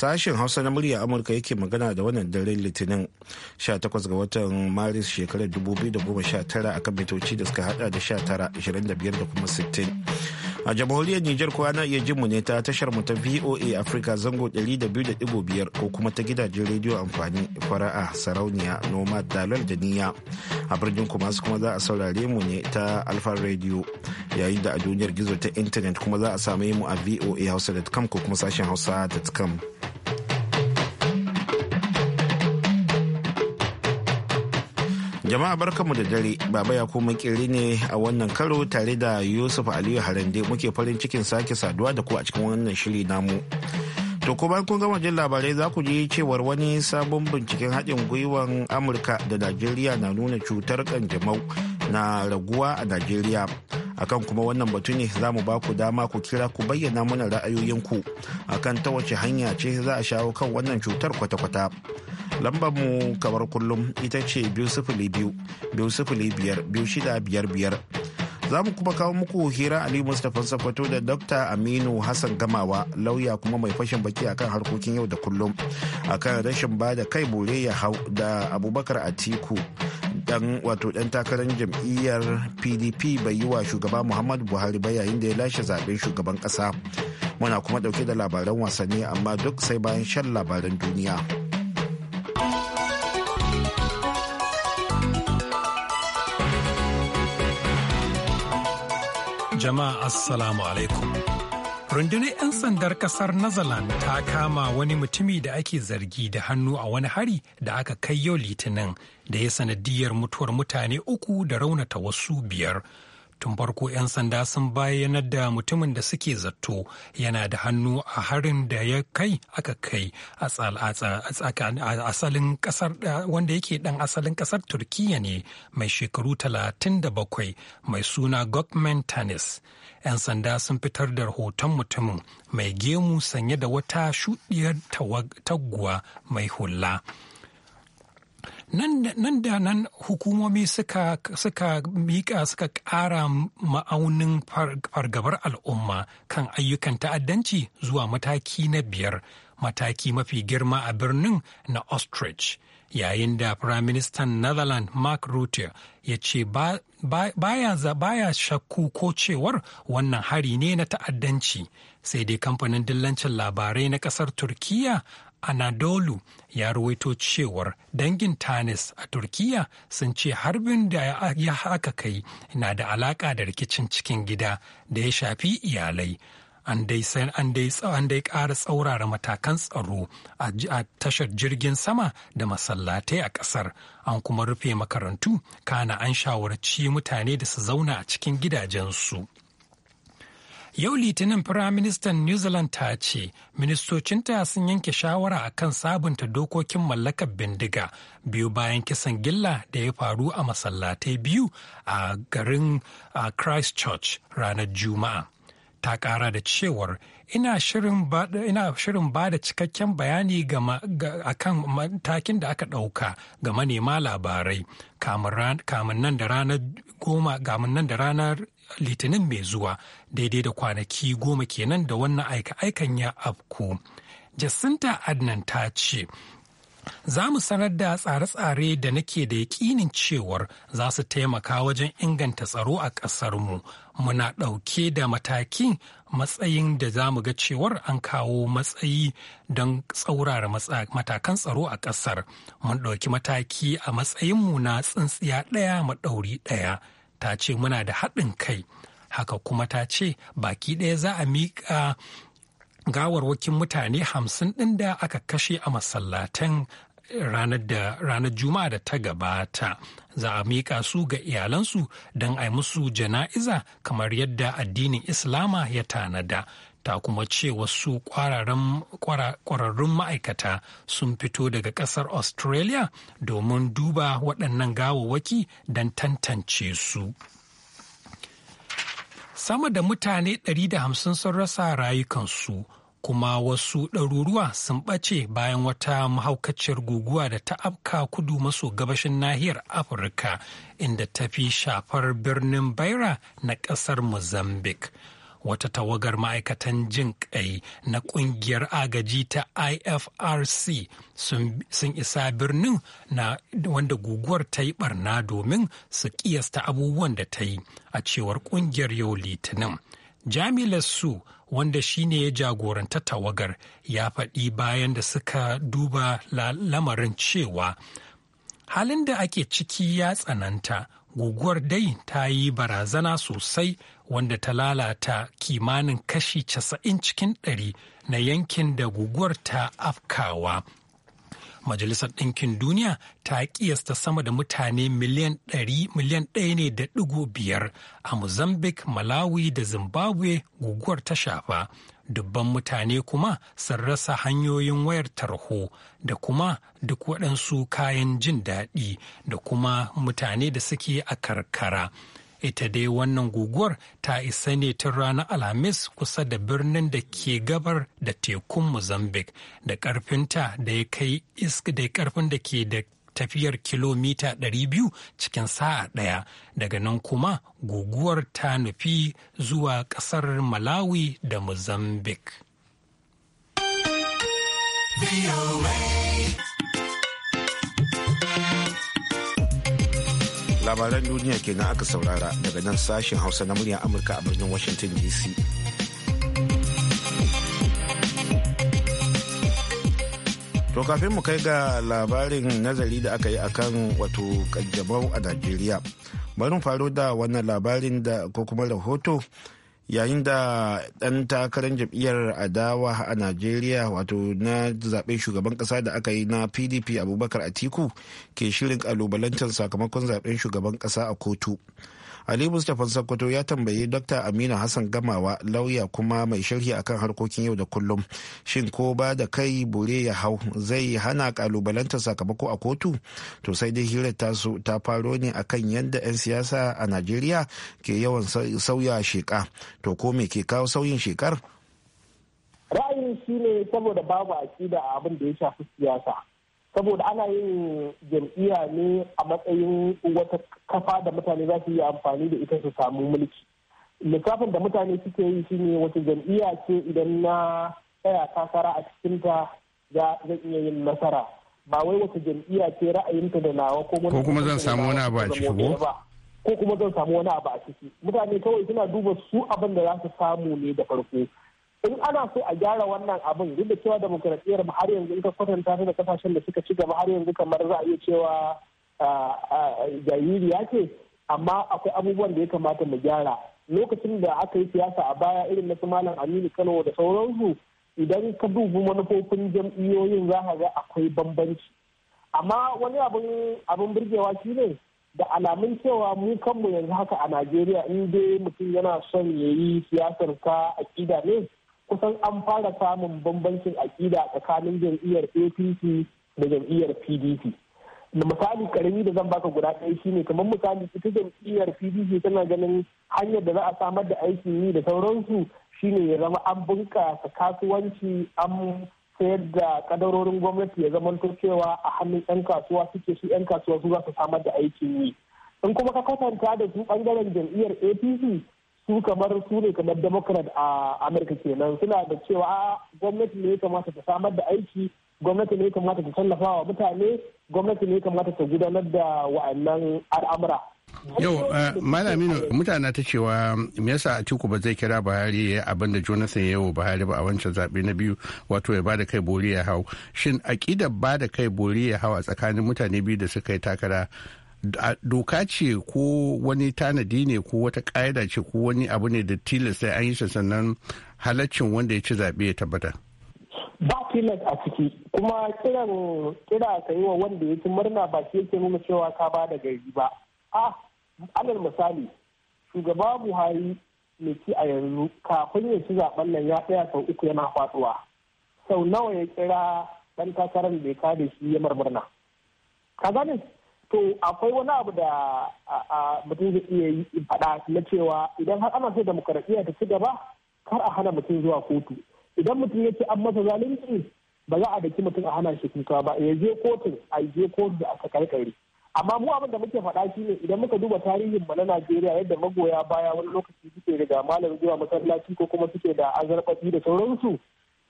Sashen Hausa na murya Amurka yake magana da wannan daren Litinin 18 ga watan Maris shekarar 2019 kan mitoci da suka hada da 19.25 da kuma 60. a jamhuriyar Nijar kuwa na iya jin mu ne ta tashar mu ta VOA Africa zango 200.5 ko kuma ta gidajen rediyo amfani fara'a sarauniya noma dalar da niya a birnin kuma su kuma za a saurare mu ne ta alfa radio yayin da a duniyar gizo ta intanet kuma za a same mu a voa hausa.com ko kuma sashen hausa.com. Jama'a barkanmu da dare, Baba ya kuma kiri ne a wannan karo tare da Yusuf Aliyu Harande muke farin cikin sake saduwa da ku a cikin wannan shiri namu. To kuma kun gama jin labarai za ku ji cewar wani sabon binciken haɗin gwiwar Amurka da Najeriya na nuna cutar kanjamau na raguwa a Najeriya. akan kuma wannan batu ne za mu ba ku dama ku kira ku bayyana mana ra'ayoyinku akan ta wace hanya ce za a shawo kan wannan cutar kwata-kwata lambar mu kamar kullum ita ce biyu sifili biyu biyu sifili biyar biyu shida biyar biyar za mu kuma kawo muku hira ali mustapha sakwato da dr aminu hassan gamawa lauya kuma mai fashin baki akan harkokin yau da kullum akan rashin ba da kai bore ya hau da abubakar atiku dan wato dan takarar jam'iyyar pdp bai yi wa shugaba muhammadu buhari ba yayin da ya lashe zaben shugaban kasa muna kuma dauke da labaran wasanni amma duk sai bayan shan labaran duniya jama'a assalamu alaikum rundunar 'yan sandar kasar Netherlands ta kama wani mutumi da ake zargi da hannu a wani hari da aka kai yau litinin da ya sanadiyar mutuwar mutane uku da raunata wasu biyar tun farko 'yan sanda sun bayyanar da mutumin da suke zato yana da hannu a harin da ya kai aka kai a asalin kasar wanda yake dan asalin kasar turkiya ne mai shekaru 37 mai suna gokmen tanis 'yan sanda sun fitar da rahoton mutumin mai gemu sanye da wata shuɗiyar taguwa mai hula. nan da nan hukumomi suka suka mika suka ƙara ma'aunin fargabar al'umma kan ayyukan ta'addanci zuwa mataki na biyar mataki mafi girma a birnin na ostrich yayin da firaministan netherlands mark rutte ya ce ba, ba, baya, shakku ko cewar wannan hari ne na ta'addanci sai dai kamfanin dillancin labarai na kasar turkiya anadolu ya ruwaito cewar dangin tanis a turkiyya sun ce harbin da ya haka kai na da alaka da rikicin cikin gida da ya shafi iyalai an dai ƙara tsaurara matakan tsaro a tashar jirgin sama da masallatai a ƙasar an kuma rufe makarantu kana an shawarci mutane da su zauna a cikin gidajensu. Yau Litinin Firaministan New Zealand ta ce ministocinta sun yanke shawara a kan sabunta dokokin mallakar bindiga biyu bayan kisan gilla da ya faru a masallatai biyu a garin Christchurch ranar Juma'a. ta kara da cewar ina shirin ba da cikakken bayani a kan matakin da aka ɗauka ga manema labarai kamun nan nan da ranar litinin mai zuwa daidai da kwanaki goma kenan da wannan aika-aikan ya afku jacinta adnan ta ce za mu sanar da tsare-tsare da nake da yakinin cewar za su taimaka wajen inganta tsaro a ƙasarmu muna ɗauke da matakin matsayin da za mu ga cewar an kawo matsayi don tsaurara matakan tsaro a ƙasar mun ɗauki mataki a matsayinmu na tsintsiya ɗaya maɗauri ɗaya ta ce muna da haɗin kai haka kuma ta ce baki ɗaya za a miƙa gawarwakin mutane hamsin ɗin da aka kashe a masallatan ranar da ranar juma'a da ta gabata za a miƙa su ga iyalansu don a musu jana'iza kamar yadda addinin islama ya tanada ta kuma ce wasu kwararrun ma'aikata sun fito daga ƙasar australia domin duba waɗannan gawawwaki don tantance su sama da mutane 150 sun rasa rayukansu kuma wasu ɗaruruwa sun ɓace bayan wata mahaukaciyar guguwa da ta afka kudu maso gabashin nahiyar afirka inda ta fi shafar birnin baira na ƙasar mozambique wata tawagar ma'aikatan jin ƙai na ƙungiyar agaji ta ifrc sun isa birnin na wanda guguwar ta yi barna domin su ƙiyasta abubuwan da ta yi a cewar ƙungiyar yau litinin jamilar su wanda shi ne ya jagoranta tawagar ya faɗi bayan da suka duba lamarin cewa halin da ake ciki ya tsananta guguwar dai ta yi barazana sosai wanda ta lalata kimanin kashi 90 cikin ɗari na yankin da guguwar ta afkawa majalisar ɗinkin duniya ta kiyasta sama da mutane miliyan ɗari miliyan ɗaya ne da ɗigo biyar a mozambique malawi da zimbabwe guguwar ta shafa dubban mutane kuma sun rasa hanyoyin wayar tarho da kuma duk waɗansu kayan jin daɗi da kuma mutane da suke a karkara ita dai wannan guguwar ta isa ne tun ranar alhamis kusa da birnin da ke gabar da tekun mozambique da karfinta da ya kai isk da karfin da ke da tafiyar kilomita 200 cikin sa'a ɗaya daga nan kuma guguwar ta nufi zuwa kasar malawi da mozambique labaran duniya kenan aka saurara daga nan sashen hausa na muryar amurka a birnin washington dc to kafin mu kai ga labarin nazari da aka yi akan wato kanjamau a najeriya bari faro da wannan labarin da ko kuma rahoto yayin da ɗan takarar jam'iyyar adawa a najeriya wato na zaɓen shugaban ƙasa da aka yi na pdp abubakar atiku ke shirin ƙalubalantar sakamakon zaɓen shugaban ƙasa a kotu ali mustapha sakkwato ya tambayi dr amina hassan gamawa lauya kuma mai sharhi akan harkokin yau da kullum shin ko ba da kai bure ya hau zai hana kalubalanta sakamako a kotu to sai dai hirar tasu ta faro ne akan yadda 'yan siyasa a najeriya ke yawan sauya sheka to ko me ke kawo sauyin shekar ra'ayin shi ne saboda babu aƙida a abin da ya shafi siyasa saboda ana yin jam'iyya ne a matsayin wata kafa da mutane za su yi amfani da ita su samu mulki lissafin da mutane suke yi shine wata jam'iyya ce idan na tsaya takara a cikinta za zan iya yin nasara ba wai wata jam'iyya ce ra'ayinta da nawa ko kuma zan samu wani abu a ciki ba ko kuma zan samu wani abu a ciki mutane kawai suna duba su abin da za su samu ne da farko in ana so a gyara wannan abin duk da cewa demokradiyyar mu har yanzu in kwatanta ta da kasashen da suka ci gaba har yanzu kamar za a iya cewa jaririya ce amma akwai abubuwan da ya kamata mu gyara lokacin da aka yi siyasa a baya irin na su malam aminu kano da sauransu idan ka dubu manufofin jam'iyyoyin za ka ga akwai bambanci amma wani abin birgewa shi ne da alamun cewa mu kanmu yanzu haka a najeriya in dai mutum yana son ya yi siyasar ka aƙida ne kusan an fara samun bambancin aƙida tsakanin jam'iyyar apc da jam'iyyar pdp da misali karami da zan baka guda ɗaya shine kamar misali ita jam'iyyar pdp tana ganin hanyar da za a samar da aikin yi da sauransu shine ya zama an bunƙasa kasuwanci an sayar da kadarorin gwamnati ya zama cewa a hannun 'yan kasuwa suke su 'yan kasuwa su za su samar da aikin yi in kuma ka kwatanta da su bangaren jam'iyyar apc su kamar su ne kamar democrat a amurka kenan suna da cewa gwamnati ne kamata ta samar da aiki gwamnati ne kamata ta tallafa wa mutane gwamnati ne kamata ta gudanar da wa'annan al'amura yau eh, malamino mutane ta cewa me yasa atiku ba zai kira buhari ya abin da jonathan wa buhari ba a wancan zaɓe na biyu wato ya bada kai bori ya hau shin aƙidar bada kai bori ya hau a tsakanin mutane biyu da suka yi takara doka ce ko wani tanadi ne ko wata ƙa'ida ce ko wani abu ne da tilasta ya an yi shi sannan halaccin wanda ya ci zaɓe ya tabbata. ba tilas a ciki kuma kiran kira ka yi wa wanda ya ci murna ba shi yake nuna cewa ka ba da gari ba a alal misali shugaba buhari ne ci a yanzu kafin ya ci zaɓen nan ya tsaya sau uku yana faɗuwa sau nawa ya kira dan takarar da ya kada shi ya marmurna ka gane to akwai wani abu da mutum zai iya yi faɗa na cewa idan har ana so demokaradiyya ta ci gaba kar a hana mutum zuwa kotu idan mutum ya ce an masa zalunci ba za a daki mutum a hana shi kuka ba ya je kotun a je kotu da aka karkare amma mu abin da muke faɗa shi ne idan muka duba tarihin mu na Najeriya yadda magoya baya wani lokaci suke daga malam zuwa masallaci ko kuma suke da azarfafi da sauransu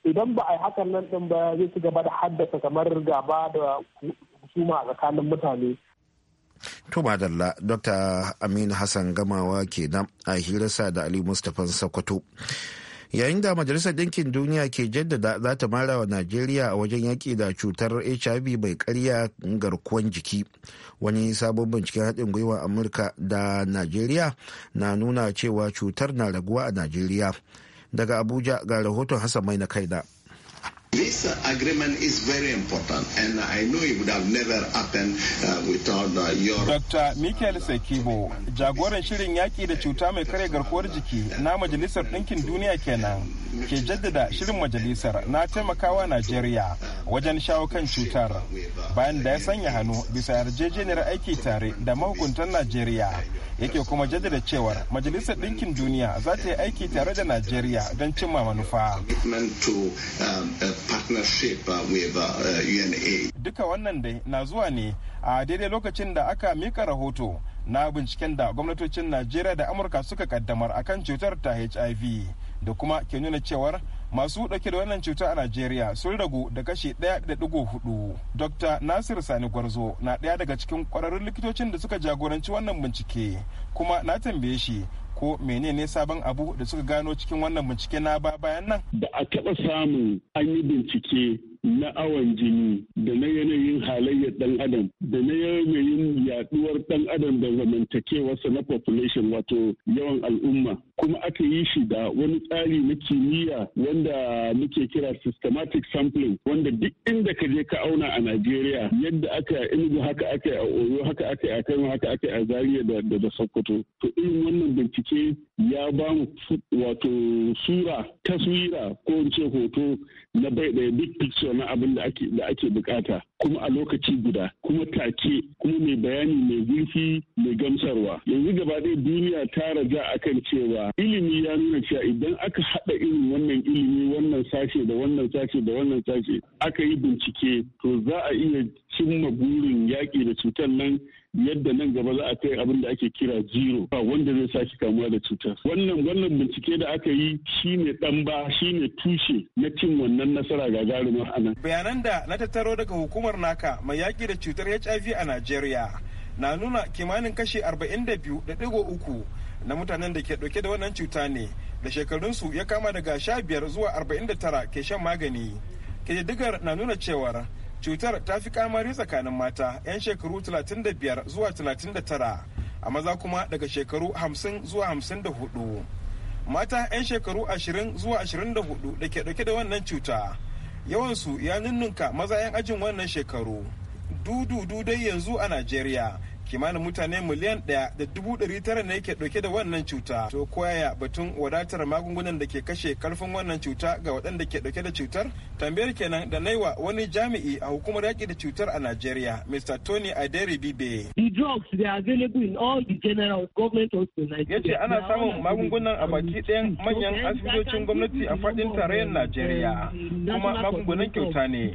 idan ba a yi hakan nan din ba zai ci gaba da haddasa kamar gaba da husuma a tsakanin mutane To madalla Dr. Aminu Hassan Gamawa kenan a hirarsa da Ali Mustapha Sokoto. Yayin da Majalisar Dinkin Duniya ke jaddada za ta mara wa Najeriya a wajen yaƙi da cutar HIV mai karya garkuwan jiki. Wani sabon binciken haɗin gwiwa Amurka da Najeriya na nuna cewa cutar na raguwa a Najeriya. Daga Abuja ga rahoton Hassan Mai na Kaida. This agreement is very important and I know it would have never happened uh, without uh, your... Dr. Michael Sekibo, jagoran shirin yaƙi da cuta mai kare garkuwar jiki na Majalisar Ɗinkin Duniya kenan ke jaddada shirin majalisar na taimakawa Najeriya wajen shawo kan cutar bayan da ya sanya hannu bisa yarjejeniyar aiki tare da mahukuntan Najeriya yake kuma jaddada cewar Majalisar Ɗinkin Duniya za ta yi aiki tare da Najeriya don cimma manufa. partnership uh, with UNA. Uh, uh, Duka wannan dai na zuwa ne a daidai lokacin da aka mika rahoto na binciken da gwamnatocin Najeriya da Amurka suka kaddamar akan cutar ta HIV da kuma ke nuna cewar masu dauke da wannan cuta a Najeriya sun ragu da kashi 1.4. Dr. Nasir Sani Gwarzo na ɗaya daga cikin kwararrun likitocin da suka jagoranci wannan bincike kuma na tambaye shi ko menene sabon abu da suka gano cikin wannan bincike na ba bayan nan da a taɓa samu an yi bincike na awon jini da na yanayin halayyar ɗan adam da na yanayin yaduwar ɗan adam da zamantakewarsa na population wato yawan al'umma kuma aka yi shi da wani tsari na kimiyya wanda muke kira systematic sampling wanda duk inda ka je ka auna a Najeriya yadda aka inugu haka aka a Oyo haka aka a Kano haka aka a Zaria da da Sokoto to irin wannan bincike ya ba mu wato sura taswira ko in ce hoto na bai ɗaya big picture na abin da ake da ake bukata kuma a lokaci guda kuma take kuma mai bayani mai zurfi mai gamsarwa yanzu gaba ɗaya duniya ta raja kan cewa ilimi ya nuna cewa idan aka haɗa irin wannan ilimi wannan sashe da wannan sashe da wannan sashe aka yi bincike to za a iya cimma burin yaƙi da cutar nan yadda nan gaba za a kai abin da ake kira zero ba wanda zai sake kamuwa da cutar wannan wannan bincike da aka yi shine dan ba shine tushe na cin wannan nasara gagarumin anan bayanan da na tattaro daga hukumar naka mai yaki da cutar HIV a Najeriya na nuna kimanin kashi 42.3 na mutanen da ke dauke da wannan cuta ne da shekarunsu ya kama daga 15 zuwa 49 ke shan magani. Kididdigar na nuna cewar cutar ta fi kamari tsakanin mata 'yan shekaru 35 zuwa 39 a maza kuma daga shekaru 50 zuwa 54 mata 'yan shekaru 20 zuwa 24 da ke dauke da wannan cuta yawansu ya nunnuka maza 'yan ajin wannan shekaru dudu dai yanzu a najeriya kimanin mutane miliyan ɗaya da dubu ɗari tara ne ke ɗauke da wannan cuta to koyaya batun wadatar magungunan da ke kashe karfin wannan cuta ga waɗanda ke ɗauke da cutar tambayar kenan da naiwa wani jami'i a hukumar yaƙi da cutar a Najeriya Mr Tony Aderi Bibe the drugs they are available in all the general government hospitals yace ana samun magungunan a baki ɗayan manyan asibitocin gwamnati a faɗin tarayyar uh, Najeriya kuma magungunan kyauta ne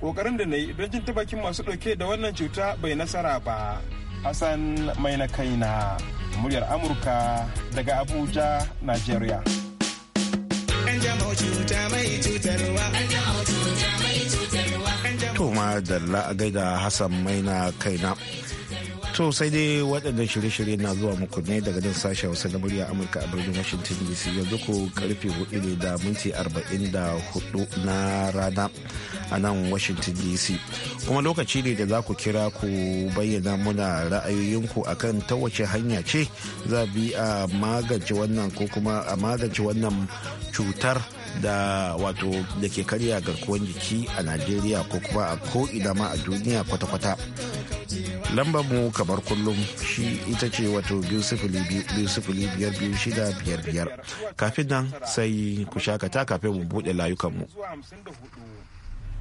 kokarin da na yi don jin ta bakin masu ɗauke da wannan cuta bai nasara ba Hassan mai na kai na muryar Amurka daga Abuja, Nigeria. To ma da da Hassan mai na kai na. to sai dai waɗannan shirye-shirye na zuwa muku ne daga nan sashen hausa na murya amurka a birnin washington dc yanzu ku karfe 4 ne da minti 44 na rana a nan washington dc kuma lokaci ne da za ku kira ku bayyana muna ra'ayoyinku akan ta wace hanya ce za bi a magance wannan ko kuma a magance wannan cutar da wato da ke karya garkuwar jiki a najeriya ko kuma a ko'ina ma a duniya kwata-kwata lambar mu kamar kullum shi ita ce wato biyu sifili biyar biyu shida biyar biyar kafin nan sai ku shakata kafin mu buɗe layukanmu.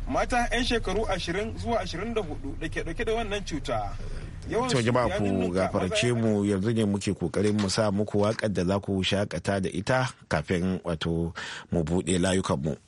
mata 'yan shekaru 20 zuwa 24 da ke dauke da wannan cuta yawan jama'a ku gafarce mu yanzu ne muke kokarin mu sa muku wakar da za ku shakata da ita kafin wato mu buɗe layukanmu. mu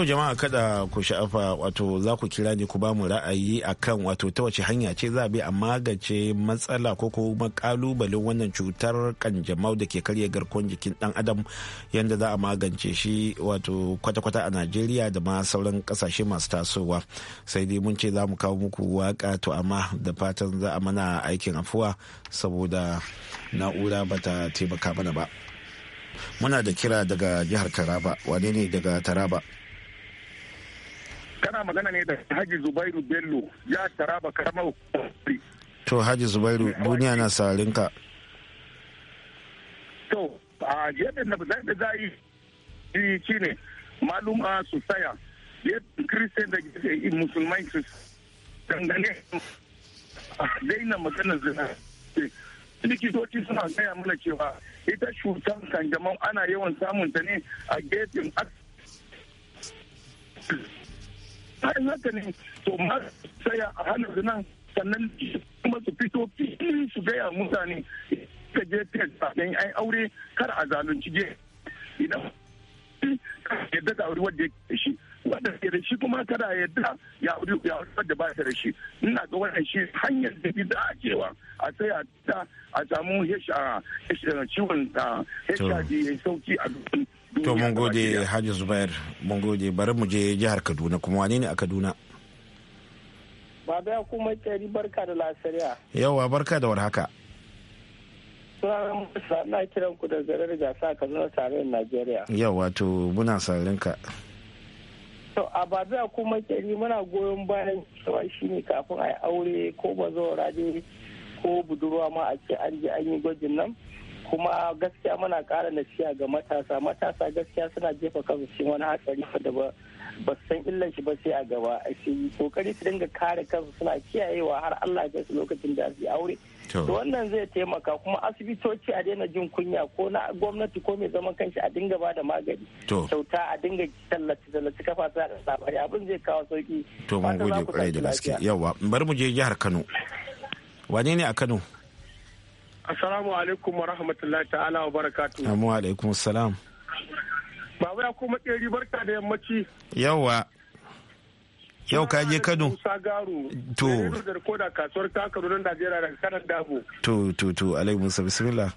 To jama'a kada ku sha'afa wato za ku kira ni ku ba mu ra'ayi akan wato ta wace hanya ce za a bi a magance matsala ko kuma kalubalen wannan cutar kanjamau da ke karya garkuwar jikin dan adam yadda za a magance shi wato kwata-kwata a Najeriya da ma sauran kasashe masu tasowa. Sai dai mun ce za mu kawo muku waka to amma da fatan za a mana aikin afuwa saboda na'ura ba ta taimaka mana ba. Muna da kira daga jihar Taraba, wane ne daga Taraba? kana magana ne da Haji Zubairu Bello ya taraba karamar To Haji Zubairu duniya na sarin ka. To a yadda na da za yi shi ne maluma su ya yadda kristiyan da musulmai su dangane daina magana zina. likitoci suna gaya mana cewa ita cutar kanjamau ana yawan samunta ne a gefen in haka ne to ma saya a hannun nan sannan kuma su fito fili su gaya mutane ka je test ɗin ai aure kar a zalunci je idan yadda da aure wadda ya shi wadda ya da shi kuma kada yadda ya aure wadda ba ta da shi ina ga wannan shi hanyar da bi da cewa a tsaya a samu ciwon HIV ya sauki a dukkan to mun gode hajji zubair mun gode bari mu je jihar kaduna kuma wane ne a kaduna baba kuma kyari barka da lasariya yawa barka da warhaka sunana musa na kiran ku da garar gasa kaduna tarayyar najeriya yawa to muna sarin ka to a babiya kuma kyari muna goyon bayan cewa ne kafin a yi aure ko bazawara rajin ko budurwa ma a ce an yi gwajin nan kuma gaskiya muna ƙara nasiya ga matasa matasa gaskiya suna jefa kansu cikin wani hatsari da ba ba san illan shi ba sai a gaba shi kokari su dinga kare kansu suna kiyayewa har Allah ya su lokacin da su aure to wannan zai taimaka kuma asibitoci a daina jin kunya ko na gwamnati ko mai zaman kanshi a dinga ba da magani kyauta a dinga tallace tallace kafa ta da labari abin zai kawo sauki to mun gode kwarai da gaskiya yawa bari mu je jihar Kano wane ne a Kano Assalamu alaikum wa rahmatullahi ta'ala wa barakatu. Amu alaikum salam. Baba ya kuma ɗari barka da yammaci. Yawwa. Yau ka je Kano. To. Da rikoda kasuwar takaru nan Najeriya daga kanan dabo. To to to alaikum sa bismillah.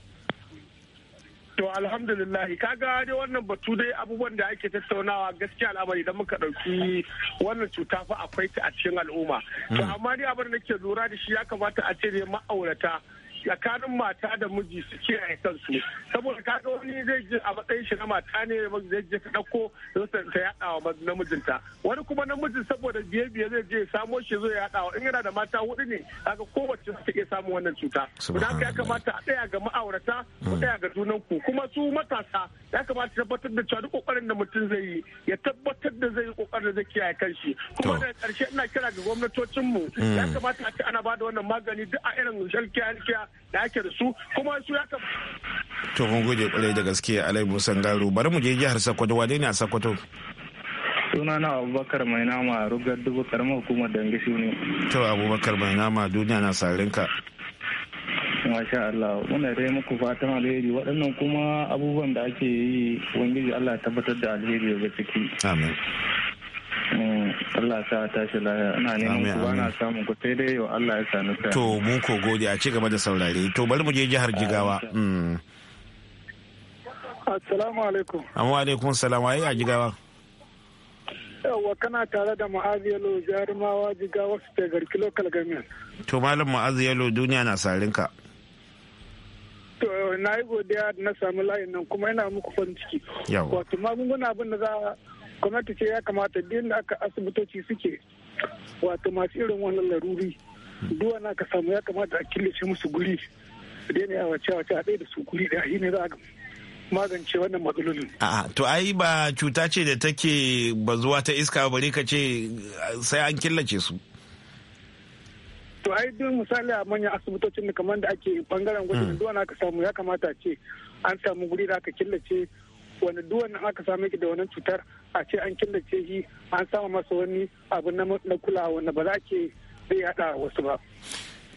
To alhamdulillah ga dai wannan batu dai abubuwan da ake tattaunawa gaskiya al'amari idan muka ɗauki wannan cuta fa akwai ta a cikin al'umma. To hmm. amma dai abin da nake lura da shi ya kamata a ce ma'aurata tsakanin mata da miji su kiyaye kansu saboda kaga wani zai je a matsayin shi na mata ne zai je ka dauko sa yaɗa wa namijinta wani kuma namijin saboda biye biye zai je samo shi zai yaɗa wa in yana da mata hudu ne kaga kowace ta iya samu wannan cuta da ya kamata a tsaya ga ma'aurata ku mm. tsaya ga junan ku kuma su matasa ya kamata tabbatar da cewa kokarin da mutum zai yi ya tabbatar da zai yi kokarin da zai kiyaye kanshi kuma daga karshe ina kira ga mu ya mm. kamata a ce ana bada wannan magani duk a irin shalkiya da ake da su kuma su ya kama. to kun gode kwarai da gaske alai musan garo bari mu je jihar sokoto wane ne a sokoto. suna na abubakar mai nama rugar dubu karamar hukumar su ne. to abubakar mai nama duniya na ka. masha Allah muna dai muku fatan alheri waɗannan kuma abubuwan da ake yi ubangiji Allah tabbatar da alheri daga ciki amin Mm, Allah sa tashi lafiya ina neman ku na samun ku sai dai Allah ya sani ka. To mu ko gode a ci gaba da saurare. To bari mu je jihar Jigawa. Mm. Assalamu alaikum. Amma alaikum salam waye a Jigawa. Yawwa kana tare da Ma'azu Yalo jarumawa Jigawa su ta garki local government. To malam Ma'azu Yalo duniya na sarin ka. To na yi godiya da na sami layin nan kuma yana muku farin ciki. Wato magunguna abin da za gwamnati ce ya kamata duk da aka asibitoci suke wato masu irin wannan laruri duk wani aka samu ya kamata a killace musu guri su daina yawa cewa a ɗaya da su guri da shi ne za a magance wannan matsalolin. A'a to ai ba cuta ce da take bazuwa ta iska ne ka ce sai an killace su. to ai duk misali a manyan asibitocin da kamar da ake bangaren gwajin mm. wani aka samu ya kamata ce an samu guri da aka killace wani duwan aka same ki da wannan cutar a ce an killace shi an sama masa wani abu na kulawa wanda ba za ke zai yada wasu ba.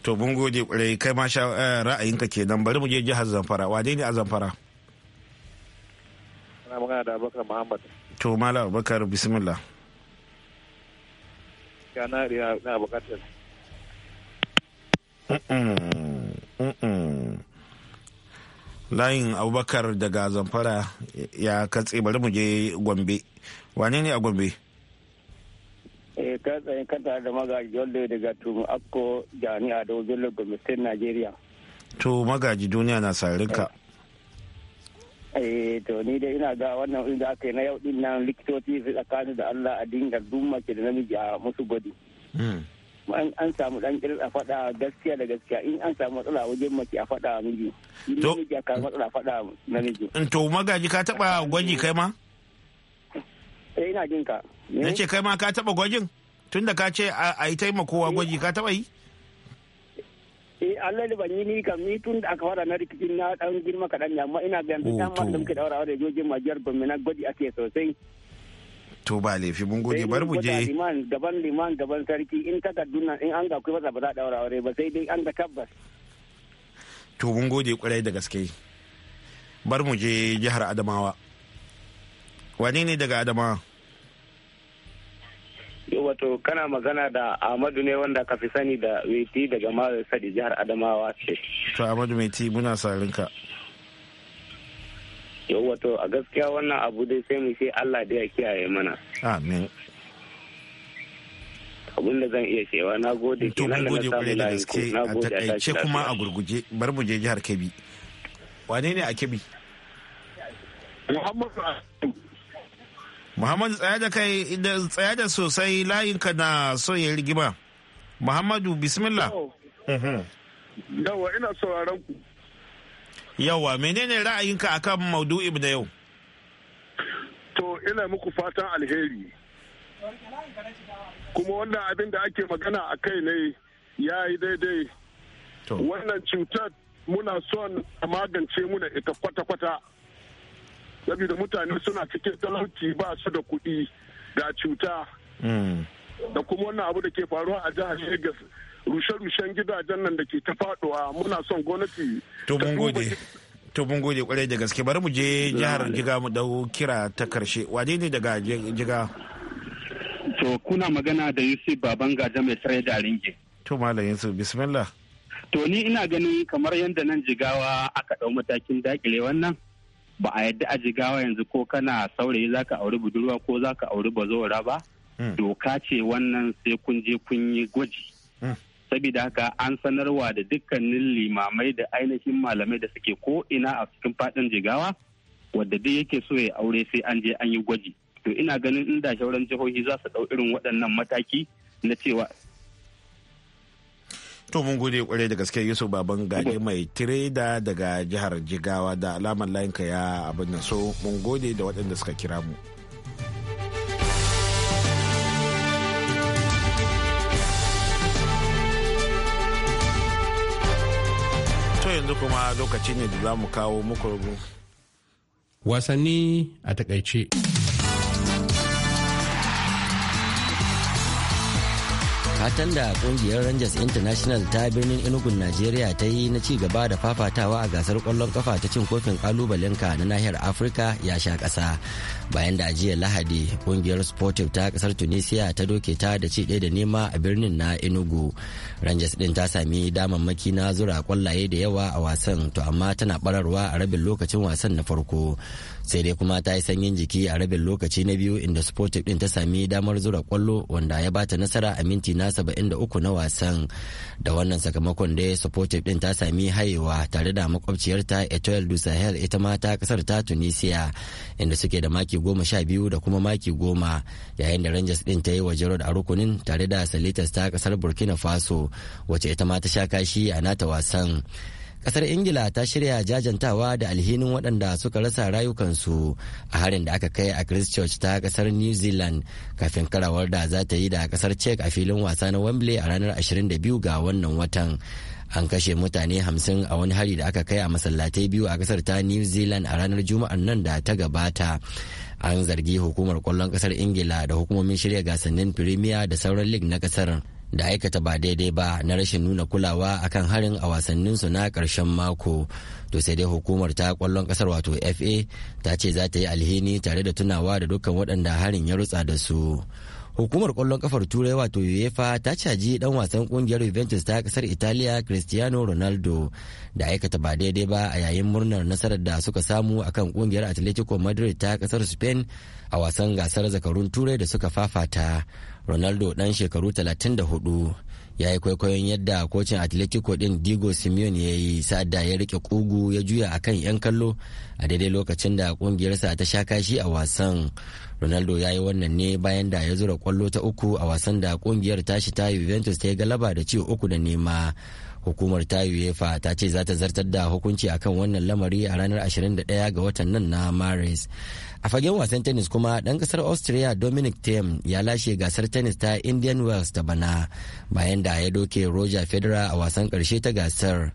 To mun gode kwarai kai ma sha eh, ra'ayinka nan bari mu je jihar Zamfara wane ne a Zamfara? Ana magana da Abubakar Muhammad. To Malam Abubakar bismillah. Ya na bukatar. Mm-mm. layin abubakar daga zamfara ya katse bari mu je gombe wane ne a gombe eh ka tsaye kanta da magaji wanda daga tumu akko jani a dogin gombe state nigeria to magaji duniya na sarinka eh to ni dai ina ga wannan inda aka yi na yau din nan likitoci su tsakanin da allah a dinga duk mace da namiji a musu gwadi hmm. an samu dan kirar a faɗa gaskiya da gaskiya in an samu matsala wajen mace a faɗa miji in miji a kawo matsala a faɗa namiji to magaji ka taba eh, gwaji kai ma eh ina jin ka nace kai ma ka taba gwajin tunda ka ce a yi taimakowa eh. gwaji ka taba yi eh Allah ban yi ni kam ni tun da aka fara na rikicin na dan girma kaɗan ne amma ina ga yanzu ta ma da muke daura da jojin majiyar gwamnati gwaji ake sosai to ba laifi mun gode bar mu je liman gaban liman gaban sarki in ta nan in an ga kuma ba za a daura aure ba sai dai an da tabbas to mun gode kwarai da gaske bar mu je jihar Adamawa wani ne daga Adamawa wato kana magana da Ahmadu ne wanda ka fi sani da Weti daga Mawar Sadi jihar Adamawa ce. To Ahmadu Weti muna sarinka. ka. yau wato a gaskiya wannan abu dai sai mu sai Allah da ya kiyaye mana amin abin da zan iya cewa na gode ke nan da na ku na gode a takaice kuma a gurguje bar mu je jihar Kebbi wane ne a Kebbi Muhammadu Muhammadu tsaya da kai tsaya da sosai layinka na so ya rigima Muhammadu bismillah Yawa ina sauraron ku yawa menene ra'ayinka akan maudu'i da yau to ina muku fatan alheri kuma wannan abin da ake magana a kai ne ya yi daidai wannan cutar muna son a magance muna ita kwata-kwata saboda mutane suna cikin talauci ba su da kuɗi ga cuta mm. da kuma wannan abu da ke faruwa a jihar Legas rushe-rushen gidajen nan da ke ta faduwa muna son gwamnati to mun gode to mun gode kwarai da gaske bari mu je jihar jiga mu dau kira ta karshe waje ne daga jiga to kuna magana da yusuf baban gaja mai tsare da ringe to malam yusuf bismillah to ni ina ganin kamar yadda nan jigawa aka dau matakin dakile wannan ba a yadda a jigawa yanzu ko kana saurayi zaka auri budurwa ko zaka auri bazawara ba hmm. doka ce wannan sai kun je kun yi gwaji hmm. saboda haka an sanarwa da dukkanin limamai da ainihin malamai da suke ko ina a cikin fadin jigawa wadda duk yake so ya aure sai an je an yi gwaji to ina ganin inda shauran jihohi za su dau irin waɗannan mataki na cewa to mun gode kware da gaske yusuf baban gaje mai tireda daga jihar jigawa da alamar layinka ya abin nan so mun gode da waɗanda suka kira mu yanzu kuma lokaci ne da za mu kawo muku wasanni a takaice. fatan da kungiyar rangers international ta birnin enugu najeriya ta yi na gaba da fafatawa a gasar kwallon kafa ta cin kofin kalubalenka na nahiyar afirka ya sha kasa bayan da jiya lahadi kungiyar sportive ta kasar tunisia ta doke ta da ci daya da nema a birnin na enugu rangers din ta sami damammaki na zura kwallaye da yawa a wasan to amma tana bararwa a rabin lokacin wasan na farko sai dai kuma ta yi sanyin jiki a rabin lokaci na biyu inda sportive din ta sami damar zura kwallo wanda ya bata nasara a minti na 73 na wasan da wannan sakamakon da supportive din ta sami haihuwa tare da makwabciyarta etoile du sahel ita ma ta kasar ta tunisia inda suke da maki goma sha biyu da kuma maki goma yayin da rangers din ta yi wa gerard a rukunin tare da salitas ta kasar burkina faso wacce ita ma ta sha kashi a nata wasan kasar ingila ta shirya jajantawa da alhinin waɗanda suka rasa rayukansu a harin da aka kai a christchurch ta kasar new zealand kafin karawar da za ta yi da kasar cek a filin wasa na wembley a ranar 22 ga wannan watan an kashe mutane 50 a wani hari da aka kai a masallatai biyu a kasar ta new zealand a ranar juma'ar nan da ta gabata an zargi hukumar kwallon kasar ingila da hukumomin shirya gasannin premier da sauran league na kasar da aikata ba daidai ba na rashin nuna kulawa akan harin a wasanninsu na ƙarshen mako to sai dai hukumar ta kwallon kasar wato fa ta ce za ta yi alhini tare da tunawa da dukkan waɗanda harin ya rutsa da su hukumar kwallon kafar turai wato uefa ta caji dan wasan kungiyar juventus ta kasar italiya cristiano ronaldo da aikata ba daidai ba a yayin murnar nasarar da suka samu akan kungiyar atletico madrid ta kasar spain a wasan gasar zakarun turai da suka fafata ronaldo dan shekaru 34 ya yi kwaikwayon yadda kocin atletico din digo simeon ya yi sa'adda ya rike kugu ya juya akan 'yan kallo a daidai lokacin da kungiyarsa ta sha kashi a wasan ronaldo ya yi wannan ne bayan da ya zura kwallo ta uku a wasan da kungiyar tashi ta juventus ta yi galaba da ci uku da nema hukumar ta uefa ta ce za ta zartar da hukunci akan wannan lamari a ranar 21 ga watan nan na maris a fagen wasan tennis kuma dan kasar austria dominic thiem ya lashe gasar tennis ta indian wells ta bana bayan da ya doke roger federer a wasan karshe ta gasar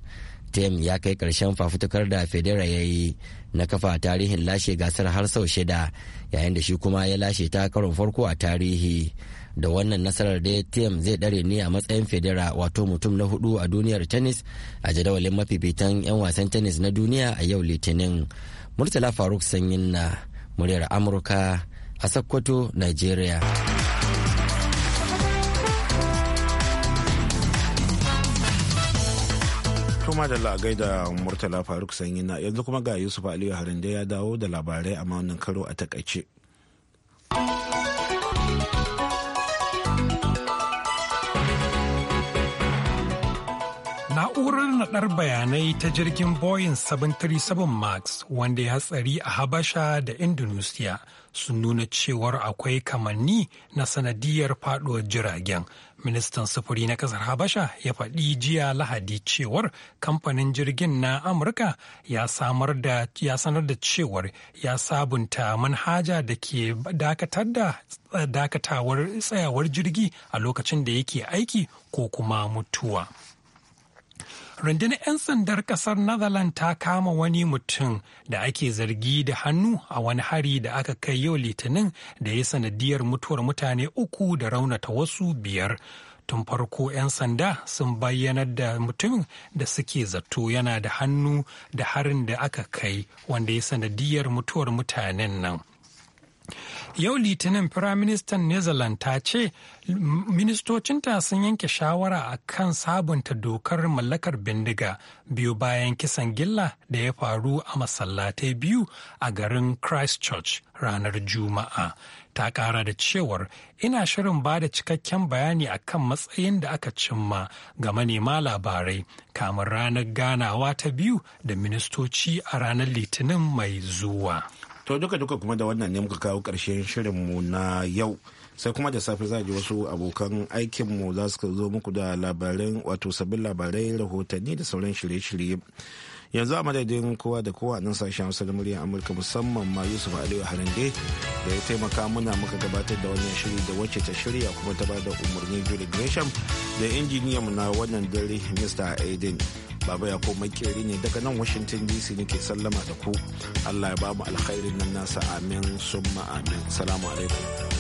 tem ya kai karshen fafutukar da federa ya yi na kafa tarihin lashe gasar har sau shida yayin da shi kuma ya lashe ta karon farko a tarihi da wannan nasarar da tem zai dare ne a matsayin federa wato mutum na hudu a duniyar tennis a jadawalin mafifitan 'yan wasan tennis na duniya a yau litinin murtala faruk sanyin na muryar amurka a sokoto nigeria Tuma da gaida da Murtala Faruk Sanyi na yanzu kuma ga Yusuf Aliyu Harinde ya dawo da labarai a wannan karo a takaice. naɗar bayanai ta jirgin Boeing 737 Max wanda ya hatsari a Habasha da Indonesia sun nuna cewar akwai kamanni na sanadiyar faɗuwar jiragen. Ministan sufuri na ƙasar Habasha ya faɗi jiya Lahadi cewar kamfanin jirgin na Amurka ya sanar da cewar ya sabunta manhaja da ke dakatar da dakatawar tsayawar jirgi a lokacin da yake aiki ko kuma mutuwa. rundunar 'yan sandar kasar netherlands ta kama wani mutum da ake zargi da hannu a wani hari da aka kai yau litinin da ya sanadiyar mutuwar mutane uku da raunata wasu biyar tun farko 'yan sanda sun bayyanar da mutumin da suke zato yana da hannu da harin da aka kai wanda ya sanadiyar mutuwar mutanen nan Yau Litinin Firaministan Netherlands ta ce ministocinta sun yanke shawara a kan sabunta dokar mallakar bindiga biyu bayan kisan gilla da ya faru a masallatai biyu a garin Christchurch ranar Juma'a. Ta ƙara da cewar ina shirin ba da cikakken bayani a kan matsayin da aka cimma ga manema labarai kamar ranar ganawa ta biyu da ministoci a ranar Litinin mai zuwa. to duka duka kuma da wannan ne muka kawo ƙarshen shirinmu na yau sai kuma da safe za a ji wasu abokan aikinmu za su zo muku da labarin wato sabbin labarai rahotanni da sauran shirye-shirye yanzu a madadin kowa da kowa nan sashen hausa da muryar amurka musamman ma yusuf aliyu harande da ya taimaka muna muka gabatar da wannan shiri da wacce ta shirya kuma ta bada umarni julie gresham da mu na wannan dare mr aiden Baba ya ko makeri ne daga nan Washington DC ne ke sallama da ku. Allah ya ba mu alkhairin nan nasa amin summa amin. Salamu alaikum.